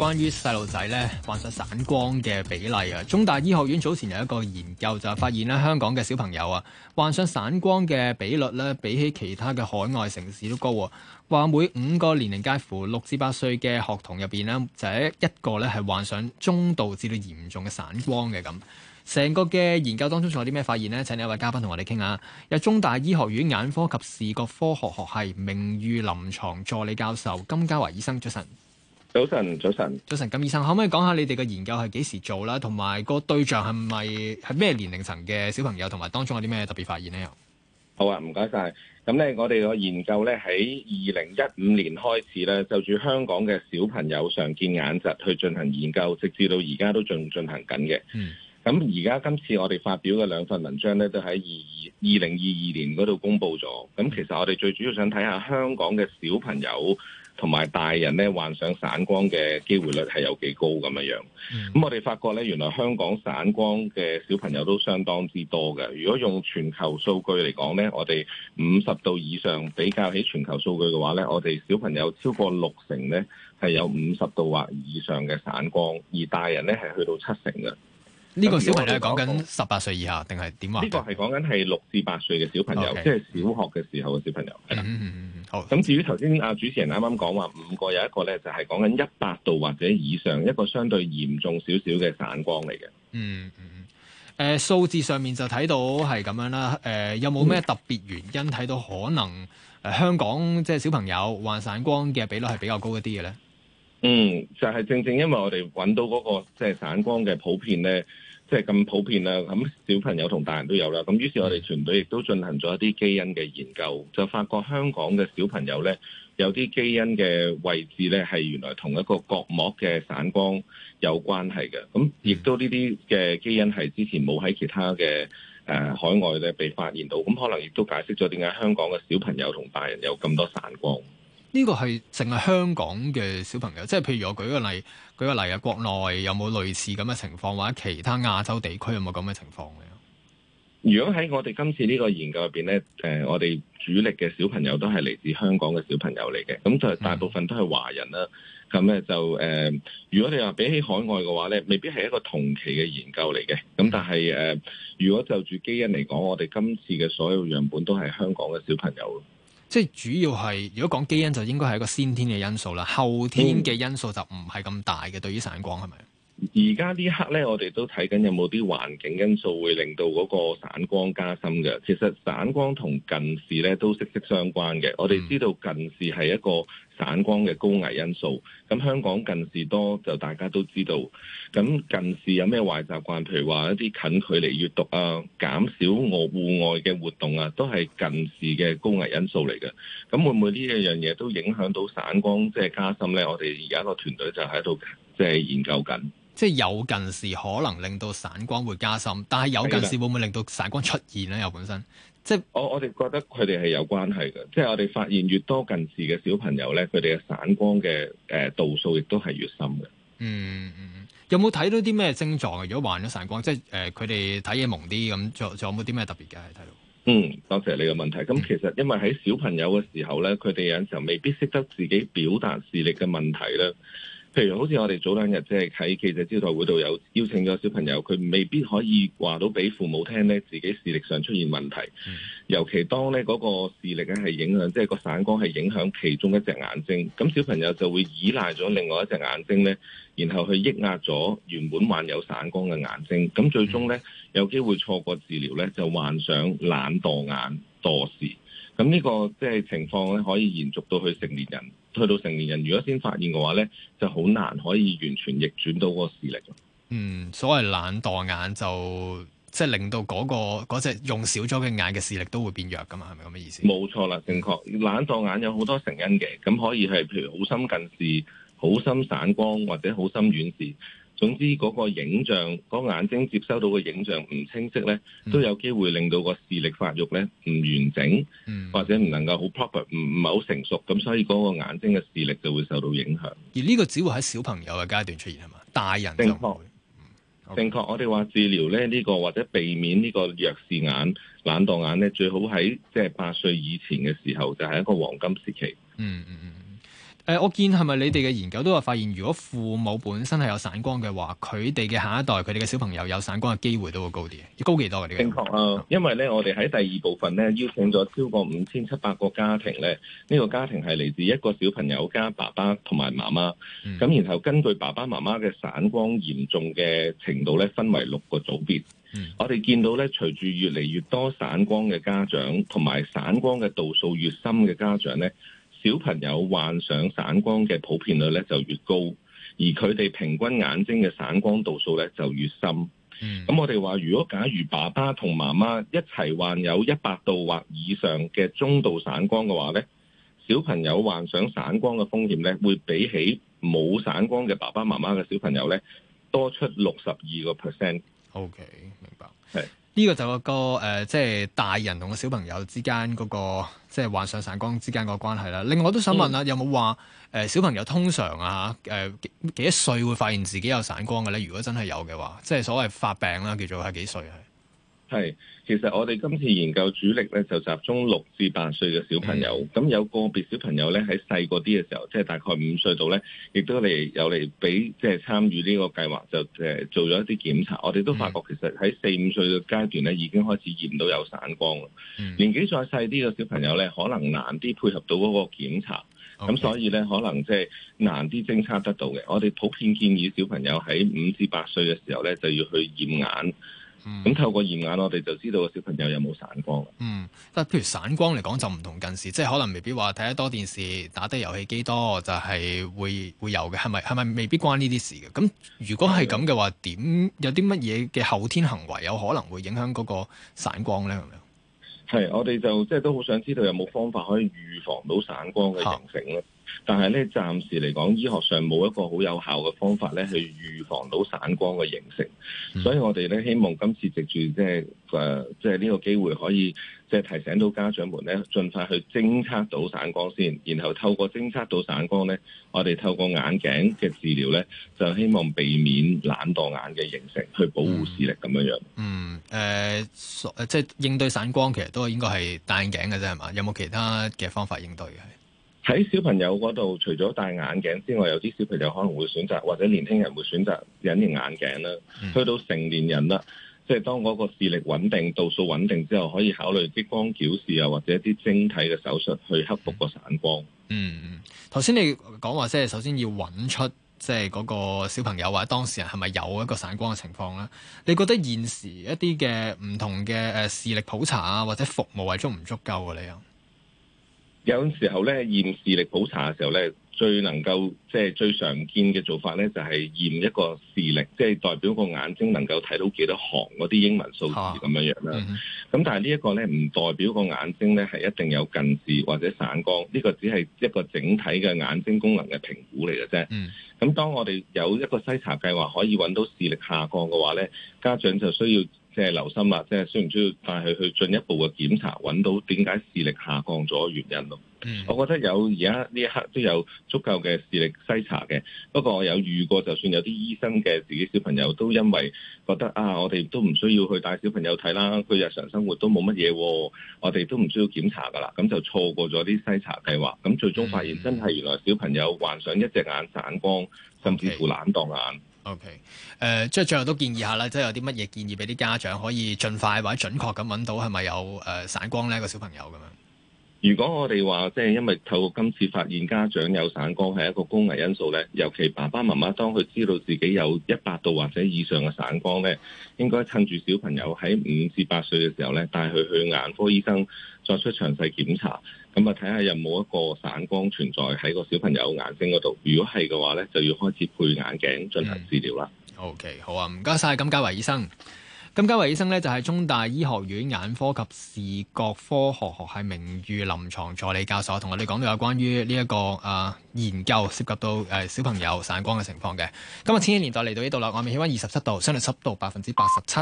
關於細路仔咧患上散光嘅比例啊，中大醫學院早前有一個研究就係發現咧，香港嘅小朋友啊患上散光嘅比率咧比起其他嘅海外城市都高啊。話每五個年齡介乎六至八歲嘅學童入邊咧，就係、是、一個咧係患上中度至到嚴重嘅散光嘅咁。成個嘅研究當中仲有啲咩發現呢？請你一位嘉賓同我哋傾下。有中大醫學院眼科及視覺科學學系名譽臨床助理教授甘嘉維醫生出，早晨。早晨，早晨，早晨。甘醫生可唔可以講下你哋嘅研究係幾時做啦？同埋個對象係咪係咩年齡層嘅小朋友？同埋當中有啲咩特別發現咧？好啊，唔該晒。咁咧，我哋個研究咧喺二零一五年開始咧，就住香港嘅小朋友常見眼疾去進行研究，直至到而家都進進行緊嘅。嗯。咁而家今次我哋發表嘅兩份文章咧，都喺二二二零二二年嗰度公布咗。咁其實我哋最主要想睇下香港嘅小朋友。同埋大人咧患上散光嘅機會率係有幾高咁樣樣，咁我哋發覺咧，原來香港散光嘅小朋友都相當之多嘅。如果用全球數據嚟講咧，我哋五十度以上比較起全球數據嘅話咧，我哋小朋友超過六成咧係有五十度或以上嘅散光，而大人咧係去到七成嘅。呢個小朋友係講緊十八歲以下定係點啊？呢個係講緊係六至八歲嘅小朋友，Okay. 即係小學嘅時候嘅小朋友。係啦、嗯嗯，好。咁至於頭先啊主持人啱啱講話五個有一個咧就係講緊一百度或者以上，一個相對嚴重少少嘅散光嚟嘅、嗯。嗯嗯嗯。誒、呃、數字上面就睇到係咁樣啦。誒、呃、有冇咩特別原因睇到可能誒香港即係、嗯呃就是、小朋友患散光嘅比率係比較高一啲嘅咧？嗯，就係正正因為我哋揾到嗰個即係散光嘅普遍咧，即係咁普遍啦，咁小朋友同大人都有啦。咁於是，我哋團隊亦都進行咗一啲基因嘅研究，就發覺香港嘅小朋友咧，有啲基因嘅位置咧係原來同一個角膜嘅散光有關係嘅。咁亦都呢啲嘅基因係之前冇喺其他嘅誒海外咧被發現到。咁可能亦都解釋咗點解香港嘅小朋友同大人有咁多散光。呢個係淨係香港嘅小朋友，即係譬如我舉個例，舉個例啊，國內有冇類似咁嘅情況，或者其他亞洲地區有冇咁嘅情況咧？如果喺我哋今次呢個研究入邊呢，誒、呃，我哋主力嘅小朋友都係嚟自香港嘅小朋友嚟嘅，咁就大部分都係華人啦。咁咧、嗯、就誒、呃，如果你話比起海外嘅話呢，未必係一個同期嘅研究嚟嘅。咁但係誒、呃，如果就住基因嚟講，我哋今次嘅所有樣本都係香港嘅小朋友。即係主要係如果講基因，就應該係一個先天嘅因素啦。後天嘅因素就唔係咁大嘅，對於散光係咪？是。而家呢刻呢，我哋都睇緊有冇啲環境因素會令到嗰個散光加深嘅。其實散光同近視呢都息息相關嘅。我哋知道近視係一個散光嘅高危因素。咁香港近視多，就大家都知道。咁近視有咩壞習慣，譬如話一啲近距離閱讀啊，減少我戶外嘅活動啊，都係近視嘅高危因素嚟嘅。咁會唔會呢一樣嘢都影響到散光即係、就是、加深咧？我哋而家個團隊就喺度即係研究緊。即係有近視可能令到散光會加深，但係有近視會唔會令到散光出現咧？ 即有本身，即係我我哋覺得佢哋係有關係嘅。即係我哋發現越多近視嘅小朋友咧，佢哋嘅散光嘅誒度數亦都係越深嘅、嗯。嗯嗯有冇睇到啲咩症狀？如果患咗散光，即係誒佢哋睇嘢矇啲咁，仲、呃、仲有冇啲咩特別嘅睇到。嗯，多謝，謝你嘅問題。咁、嗯、其實因為喺小朋友嘅時候咧，佢哋有陣時候未必識得自己表達視力嘅問題咧。譬如好似我哋早兩日即係喺記者招待會度有邀請咗小朋友，佢未必可以話到俾父母聽咧，自己視力上出現問題。尤其當咧嗰個視力咧係影響，即係個散光係影響其中一隻眼睛，咁小朋友就會依賴咗另外一隻眼睛咧，然後去抑壓咗原本患有散光嘅眼睛，咁最終咧有機會錯過治療咧，就患上懶惰眼、惰視。咁呢、這個即係情況咧，可以延續到去成年人，去到成年人如果先發現嘅話咧，就好難可以完全逆轉到嗰個視力。嗯，所謂懶惰眼就即係、就是、令到嗰、那個嗰隻用少咗嘅眼嘅視力都會變弱噶嘛，係咪咁嘅意思？冇錯啦，正確。懶惰眼有好多成因嘅，咁可以係譬如好深近視、好深散光或者好深遠視。總之嗰個影像，嗰、嗰個眼睛接收到嘅影像唔清晰咧，都有機會令到個視力發育咧唔完整，嗯、或者唔能夠好 proper，唔唔係好成熟，咁所以嗰個眼睛嘅視力就會受到影響。而呢個只會喺小朋友嘅階段出現係嘛？大人。正確，正確，嗯、正確，我哋話治療咧呢、呢個或者避免呢個弱視眼、懶惰眼咧，最好喺即係八歲以前嘅時候，就係、係、一個黃金時期。嗯嗯嗯。嗯。誒、呃，我見係咪你哋嘅研究都話發現，如果父母本身係有散光嘅話，佢哋嘅下一代，佢哋嘅小朋友有散光嘅機會都會高啲，要高幾多？你嘅確？正確啊，因為咧，我哋喺第二部分咧邀請咗超過五千七百個家庭咧，呢、這個家庭係嚟自一個小朋友加爸爸同埋媽媽，咁然後根據爸爸媽媽嘅散光嚴重嘅程度咧，分為六個組別。嗯、我哋見到咧，隨住越嚟越多散光嘅家長，同埋散光嘅度數越深嘅家長咧。小朋友患上散光嘅普遍率咧就越高，而佢哋平均眼睛嘅散光度數咧就越深。嗯、咁我哋話，如果假如爸爸同媽媽一齊患有一百度或以上嘅中度散光嘅話咧，小朋友患上散光嘅風險咧會比起冇散光嘅爸爸媽媽嘅小朋友咧多出六十二個 percent。OK，明白，係。呢個就個誒、呃，即係大人同個小朋友之間嗰、那個即係患上散光之間個關係啦。另外，我都想問啦、啊，嗯、有冇話誒小朋友通常啊誒、呃、幾多歲會發現自己有散光嘅咧？如果真係有嘅話，即係所謂發病啦，叫做係幾歲係？係，其實我哋今次研究主力咧就集中六至八歲嘅小朋友，咁、嗯、有個別小朋友咧喺細個啲嘅時候，即係大概五歲度咧，亦都嚟有嚟俾即係參與呢個計劃，就誒做咗一啲檢查。我哋都發覺其實喺四五歲嘅階段咧，已經開始驗到有散光。嗯、年紀再細啲嘅小朋友咧，可能難啲配合到嗰個檢查，咁 Okay. 所以咧可能即係難啲偵測得到嘅。我哋普遍建議小朋友喺五至八歲嘅時候咧，就要去驗眼。咁透過驗眼，我哋就知道個小朋友有冇散光。嗯，但譬如散光嚟講，就唔同近視，即係可能未必話睇得多電視、打得遊戲機多就係、是、會會有嘅，係咪？係咪未必關呢啲事嘅？咁如果係咁嘅話，點的有啲乜嘢嘅後天行為有可能會影響嗰個散光呢？係咪？係，我哋就即係都好想知道有冇方法可以預防到散光嘅形成咧。但係咧，暫時嚟講，醫學上冇一個好有效嘅方法咧，去預防到散光嘅形成。嗯、所以我哋咧希望今次藉住即係誒，即係呢個機會，可以即係、呃、提醒到家長們咧，盡快去偵測到散光先，然後透過偵測到散光咧，我哋透過眼鏡嘅治療咧，就希望避免懶惰眼嘅形成，去保護視力咁樣樣、嗯。嗯，誒、呃呃，即係應對散光，其實都應該係戴眼鏡嘅啫，係嘛？有冇其他嘅方法應對？係。喺小朋友嗰度，除咗戴眼鏡之外，有啲小朋友可能會選擇或者年輕人會選擇隱形眼鏡啦。嗯、去到成年人啦，即係當嗰個視力穩定，度數穩定之後，可以考慮激光矯視啊，或者一啲晶體嘅手術去克服個散光。嗯嗯，頭、嗯、先你講話，即係首先要揾出即係嗰個小朋友或者當事人係咪有一個散光嘅情況咧，你覺得現時一啲嘅唔同嘅誒視力普查啊，或者服務係足唔足夠嘅你又？有時候咧驗視力普查嘅時候咧，最能夠即係最常見嘅做法咧，就係、是、驗一個視力，即係代表個眼睛能夠睇到幾多行嗰啲英文數字咁、啊、樣樣啦。咁、嗯、但係呢一個咧唔代表個眼睛咧係一定有近視或者散光，呢、這個只係一個整體嘅眼睛功能嘅評估嚟嘅啫。咁、嗯、當我哋有一個篩查計劃可以揾到視力下降嘅話咧，家長就需要。即係留心啦，即係需唔需要帶佢去進一步嘅檢查，揾到點解視力下降咗原因咯。嗯、mm，hmm. 我覺得有而家呢一刻都有足夠嘅視力篩查嘅。不過我有遇過，就算有啲醫生嘅自己小朋友都因為覺得啊，我哋都唔需要去帶小朋友睇啦，佢日常生活都冇乜嘢，我哋都唔需要檢查噶啦，咁就錯過咗啲篩查計劃。咁最終發現真係原來小朋友患上一隻眼散光，甚至乎懶惰眼。Okay. O K，誒，即係最後都建議下啦，即係有啲乜嘢建議俾啲家長，可以盡快或者準確咁揾到係咪有誒、呃、散光呢？個小朋友咁樣。如果我哋話，即係因為透過今次發現家長有散光係一個高危因素咧，尤其爸爸媽媽當佢知道自己有一百度或者以上嘅散光咧，應該趁住小朋友喺五至八歲嘅時候咧，帶佢去眼科醫生作出詳細檢查。咁啊，睇下有冇一個散光存在喺個小朋友眼睛嗰度。如果係嘅話呢，就要開始配眼鏡進行治療啦，嗯。OK，好啊，唔該晒甘嘉維醫生。甘嘉維醫生呢，就係中大醫學院眼科及視覺科學學系名譽臨床助理教授，同我哋講到有關於呢一個啊，呃、研究涉及到誒小朋友散光嘅情況嘅。今日千禧年代嚟到呢度啦，外面氣溫二十七度，相對濕度百分之八十七。